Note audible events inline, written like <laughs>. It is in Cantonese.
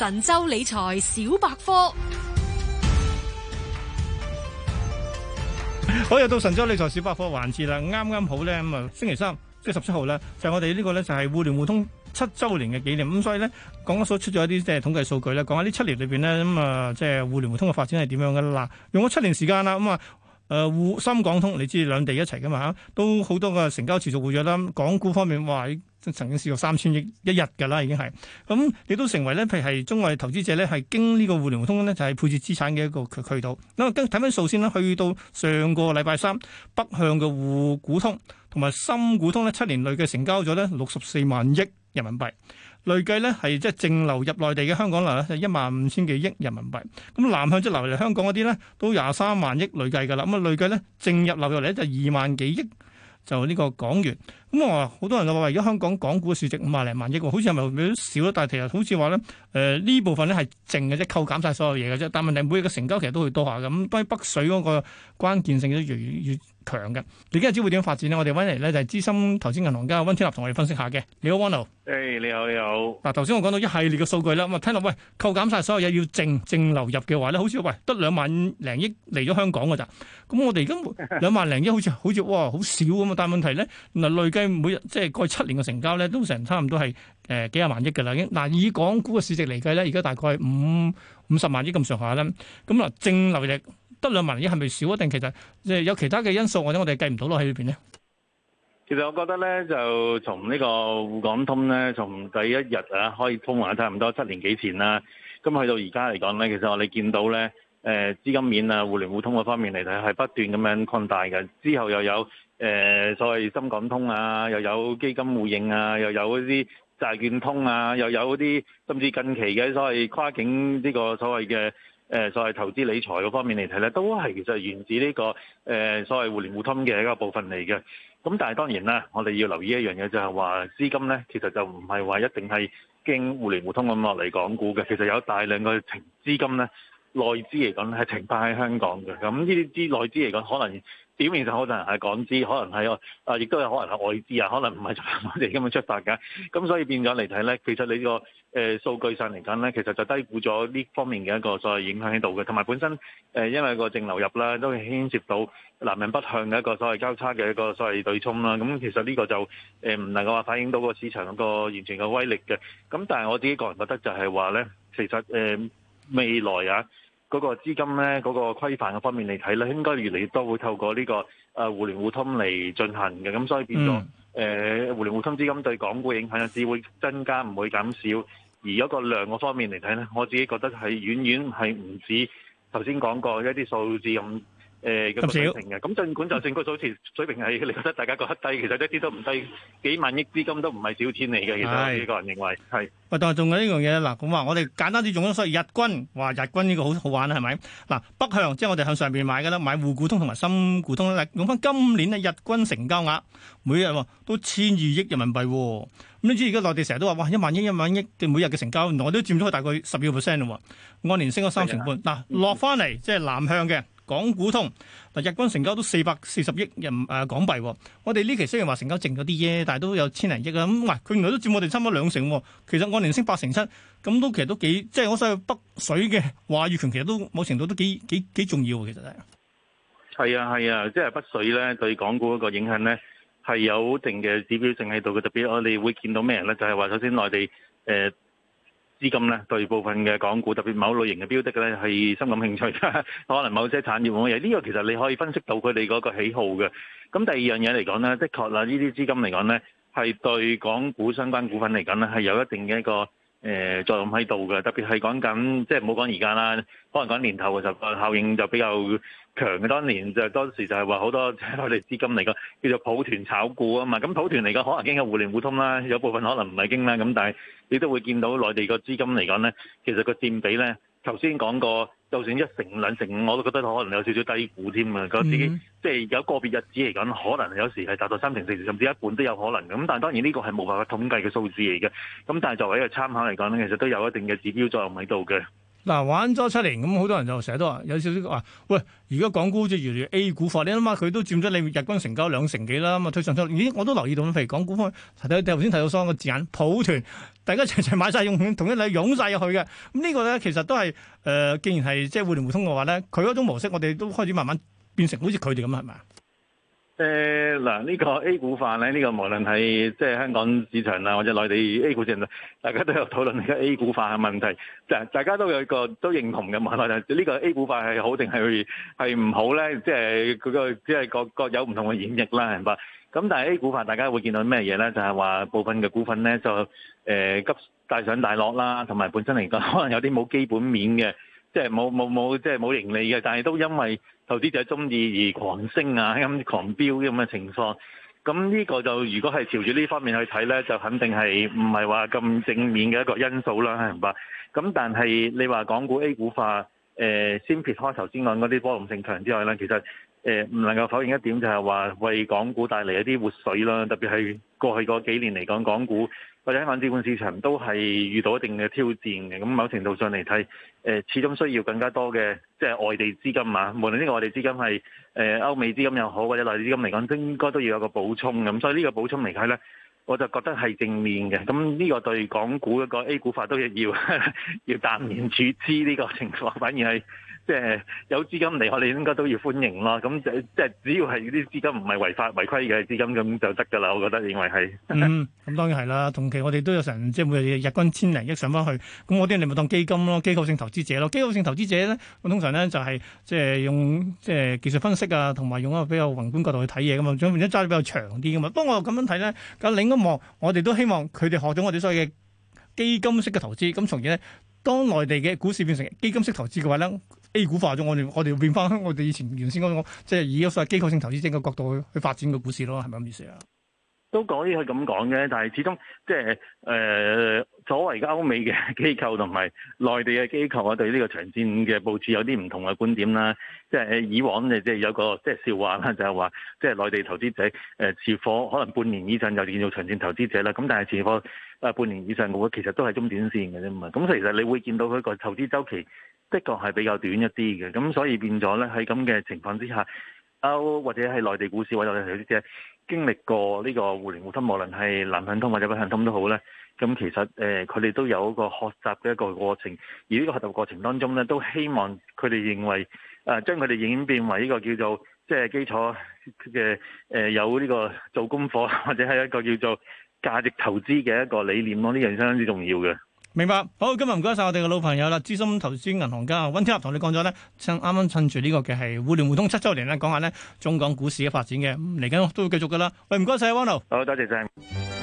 神州理財小百科，好，又到神州理財小百科環節啦。啱啱好咧咁啊，星期三即係十七號啦。就係我哋呢個咧就係互聯互通七周年嘅紀念。咁所以咧，港交所出咗一啲即係統計數據咧，講下呢七年裏邊咧咁啊，即係互聯互通嘅發展係點樣噶啦。用咗七年時間啦，咁啊，誒，滬深港通，你知兩地一齊噶嘛？都好多嘅成交持續活躍啦。港股方面話。曾經試過三千億一日嘅啦，已經係咁，亦都成為咧，譬如係中外投資者咧，係經呢個互聯互通咧，就係配置資產嘅一個渠道。咁啊，跟睇翻數先啦，去到上個禮拜三，北向嘅滬股通同埋深股通咧，七年累計成交咗咧六十四萬億人民幣，累計咧係即係淨流入內地嘅香港流咧就一萬五千幾億人民幣。咁南向即係流入嚟香港嗰啲咧，都廿三萬億累計㗎啦。咁啊累計咧淨入流入嚟咧就二萬幾億就呢個港元。咁我話好多人話，話而家香港港股嘅市值五萬零萬億喎，好似係咪少咗？但係其實好似話咧，誒、呃、呢部分咧係淨嘅即係，扣減晒所有嘢嘅啫。但係問題每日嘅成交其實都會多一下咁。當北水嗰個關鍵性都越越強嘅，你家又只會點發展呢？我哋揾嚟咧就係資深投資銀行家溫天納同我哋分析下嘅。你好，Wan l、哦 hey, 你好，你好。嗱，頭先我講到一系列嘅數據啦，咁啊聽落喂，扣減晒所有嘢要淨淨流入嘅話咧，好似喂得兩萬零億嚟咗香港㗎咋？咁我哋而家兩萬零億好似好似哇好少咁，但係問題咧嗱累每日即係過去七年嘅成交咧，都成差唔多係誒幾廿萬億嘅啦。嗱，以港股嘅市值嚟計咧，而家大概五五十萬億咁上下啦。咁嗱，淨流入得兩萬億係咪少？一定其實即係有其他嘅因素或者我哋計唔到落去裏邊咧。其實我覺得咧，就從呢個滬港通咧，從第一日啊，開通埋差唔多七年幾前啦，咁去到而家嚟講咧，其實我哋見到咧，誒資金面啊，互聯互通嗰方面嚟睇係不斷咁樣擴大嘅，之後又有。誒、呃、所謂深港通啊，又有基金互認啊，又有嗰啲債券通啊，又有嗰啲，甚至近期嘅所謂跨境呢個所謂嘅、呃、所謂投資理財嗰方面嚟睇咧，都係其實源自呢、這個、呃、所謂互聯互通嘅一個部分嚟嘅。咁但係當然啦，我哋要留意一樣嘢就係話資金咧，其實就唔係話一定係經互聯互通咁落嚟港股嘅，其實有大量嘅停資金咧，內資嚟講係停泊喺香港嘅。咁呢啲內資嚟講，可能。表面上可能係港資，可能係啊，亦都有可能係外資啊，可能唔係我哋咁樣出發嘅，咁所以變咗嚟睇呢，其實你、呢個誒、呃、數據上嚟講呢，其實就低估咗呢方面嘅一個所謂影響喺度嘅，同埋本身、呃、因為個淨流入啦，都牽涉到南進北向嘅一個所謂交叉嘅一個所謂對沖啦，咁其實呢個就誒唔、呃、能夠話反映到個市場個完全嘅威力嘅，咁但係我自己個人覺得就係話呢，其實、呃、未來啊～嗰、那個資金咧，嗰、那個規範嘅方面嚟睇咧，應該越嚟越多會透過呢、這個誒、啊、互聯互通嚟進行嘅，咁所以變咗誒、mm. 呃、互聯互通資金對港股影響只會增加，唔會減少。而一個量嘅方面嚟睇咧，我自己覺得係遠遠係唔止頭先講過一啲數字咁。誒、嗯，咁、那個、水平嘅，咁儘管就整個數字水平係，你覺得大家覺得低，其實一啲都唔低，幾萬億資金都唔係少錢嚟嘅。其實呢個人認為，係。喂，但係仲有呢樣嘢嗱，咁話我哋簡單啲用翻，所以日均話日均呢個好好玩啦，係咪？嗱，北向即係、就是、我哋向上邊買嘅啦，買滬股通同埋深股通咧。用翻今年嘅日均成交額每日都千二億人民幣，咁你知而家內地成日都話哇，一萬億一萬億嘅每日嘅成交，原來都佔咗佢大概十二個 percent 咯。按年升咗三成半，嗱落翻嚟即係南向嘅。港股通，嗱，日均成交都四百四十億人誒港幣，我哋呢期雖然話成交淨咗啲啫，但係都有千零億啊。咁、嗯，唔，佢原來都佔我哋差唔多兩成，其實按年升八成七，咁都其實都幾，即係我想去北水嘅話語權，其實都某程度都幾幾幾重要。其實係，係啊係啊，即係、啊就是、北水咧對港股一個影響咧，係有定嘅指標性喺度嘅。特別我哋會見到咩人咧？就係、是、話首先內地誒。呃資金咧對部分嘅港股，特別某類型嘅標的咧，係深感興趣。可能某些產業或者呢個，其實你可以分析到佢哋嗰個喜好嘅。咁第二樣嘢嚟講咧，的確啦，呢啲資金嚟講咧，係對港股相關股份嚟講咧，係有一定嘅一個誒、呃、作用喺度嘅，特別係講緊，即係唔好講而家啦，可能講年頭嘅時候，效應就比較強嘅。當年就當時就係話好多，內 <laughs> 地資金嚟講叫做抱團炒股啊嘛。咁抱團嚟講，可能經過互聯互通啦，有部分可能唔係經啦。咁但係你都會見到內地個資金嚟講咧，其實個佔比咧。頭先講過，就算一成五、兩成五，我都覺得可能有少少低估添啊！覺得自己即係有個別日子嚟講，可能有時係達到三成四成，甚至一半都有可能，咁但係當然呢個係冇辦法統計嘅數字嚟嘅。咁但作為一個參考嚟講咧，其實都有一定嘅指標作用喺度嘅。嗱，玩咗七年，咁好多人就成日都話有少少話，喂！而家港股好似越嚟越 A 股化，你諗下佢都佔咗你日均成交兩成幾啦，咁啊推上出，咦？我都留意到，譬如港股方面，頭先睇到三個字眼，抱團，大家一齊買晒，用，同一嚟湧晒入去嘅，咁、這個、呢個咧其實都係誒、呃，既然係即係互聯互通嘅話咧，佢嗰種模式，我哋都開始慢慢變成好似佢哋咁，係咪啊？誒嗱，呢個 A 股化咧，呢、這個無論係即係香港市場啦，或者內地 A 股市場，大家都有討論，個這個 A 股化嘅問題。就大家都有個都認同嘅問題，就係呢個 A 股化係好定係係唔好咧？即係佢個即係各各有唔同嘅演繹啦，係嘛？咁但係 A 股化，大家會見到咩嘢咧？就係、是、話部分嘅股份咧，就誒急大上大落啦，同埋本身嚟講，可能有啲冇基本面嘅。即係冇冇冇，即係冇盈利嘅，但係都因為投資者中意而狂升啊，咁狂飆咁嘅情況。咁呢個就如果係朝住呢方面去睇呢，就肯定係唔係話咁正面嘅一個因素啦，係唔係？咁但係你話港股 A 股化，呃、先撇開頭先講嗰啲波動性強之外呢，其實呃、唔能夠否認一點就係話為港股帶嚟一啲活水啦，特別係過去嗰幾年嚟講，港股。或者喺資本市場都係遇到一定嘅挑戰嘅，咁某程度上嚟睇，誒、呃、始終需要更加多嘅即係外地資金啊，無論呢個外地資金係誒、呃、歐美資金又好，或者內地資金嚟講，應該都要有個補充咁，那所以呢個補充嚟睇咧，我就覺得係正面嘅，咁呢個對港股一個 A 股化都要 <laughs> 要淡然處之呢個情況，反而係。即係有資金嚟，我哋應該都要歡迎咯。咁就係即係只要係啲資金唔係違法違規嘅資金咁就得㗎啦。我覺得認為係。咁、嗯嗯、當然係啦。同期我哋都有成即係每日日均千零億上翻去。咁我哋咪當基金咯，機構性投資者咯。機構性投資者咧，我通常咧就係、是、即係用即係技術分析啊，同埋用一個比較宏觀角度去睇嘢噶嘛。想唔想揸得比較長啲噶嘛？不過我咁樣睇咧，咁另一望，我哋都希望佢哋學咗我哋所謂嘅基金式嘅投資。咁從而咧，當內地嘅股市變成基金式投資嘅話咧。A 股化咗，我哋我哋要變翻，我哋以前原先講即係以一晒機構性投資者嘅角度去去發展個股市咯，係咪咁意思啊？都講可以咁講嘅，但係始終即係誒，所謂而家歐美嘅機構同埋內地嘅機構啊，對呢個長線嘅布置有啲唔同嘅觀點啦。即、就、係、是、以往即係有個即係、就是、笑話啦，就係話即係內地投資者誒、呃，持貨可能半年以上就見到長線投資者啦。咁但係持貨誒、呃、半年以上嘅話，其實都係中短線嘅啫嘛。咁其實你會見到佢個投資周期。的確係比較短一啲嘅，咁所以變咗咧喺咁嘅情況之下，啊或者係內地股市或者係我哋經歷過呢個互聯互通，無論係南向通或者北向通都好咧，咁其實誒佢哋都有一個學習嘅一個過程，而呢個學習過程當中咧，都希望佢哋認為啊、呃、將佢哋演變為一個叫做即係、就是、基礎嘅誒、呃、有呢個做功課，或者係一個叫做價值投資嘅一個理念咯，呢、這、樣、個、相當之重要嘅。明白，好，今日唔該晒我哋嘅老朋友啦，資深投資銀行家溫天納同你講咗咧，趁啱啱趁住呢個嘅係互聯互通七周年咧，講下咧中港股市嘅發展嘅，嚟緊都會繼續噶啦，喂，唔該晒，溫 Sir，好，多謝晒。